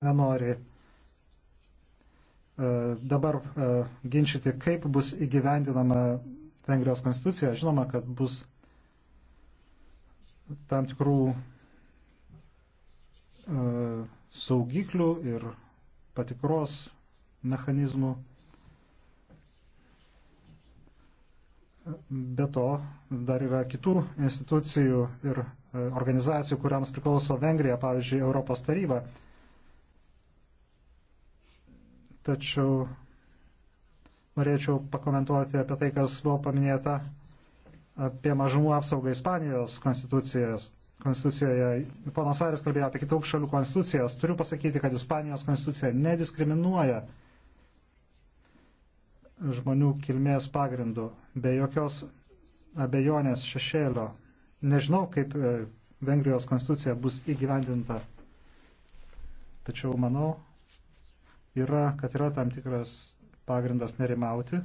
nenori e, dabar e, ginčyti, kaip bus įgyvendinama Vengrijos konstitucija. Žinoma, kad bus tam tikrų e, saugiklių ir patikros mechanizmų. Be to, dar yra kitų institucijų ir organizacijų, kuriams priklauso Vengrija, pavyzdžiui, Europos taryba, tačiau norėčiau pakomentuoti apie tai, kas buvo paminėta apie mažumų apsaugą Ispanijos konstitucijos. Konstitucijoje, ponas Aris kalbėjo apie kitų šalių konstitucijas, turiu pasakyti, kad Ispanijos konstitucija nediskriminuoja žmonių kilmės pagrindų, be jokios abejonės šešėlio. Nežinau, kaip e, Vengrijos konstitucija bus įgyvendinta, tačiau manau, yra, kad yra tam tikras pagrindas nerimauti.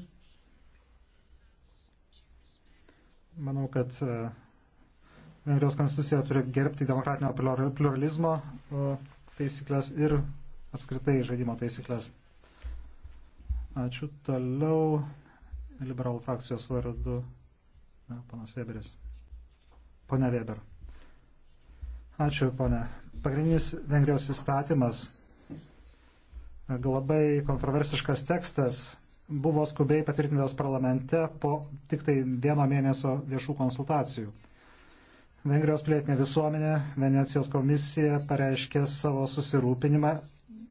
Manau, kad e, Vengrijos konstitucija turi gerbti demokratinio pluralizmo taisyklės ir apskritai žaidimo taisyklės. Ačiū toliau. Liberalų frakcijos vardu na, panas Weberis. Pone Weber. Ačiū, pone. Pagrindinis Vengrijos įstatymas labai kontroversiškas tekstas buvo skubiai patvirtintas parlamente po tik tai vieno mėnesio viešų konsultacijų. Vengrijos plėtinė visuomenė, Venecijos komisija pareiškė savo susirūpinimą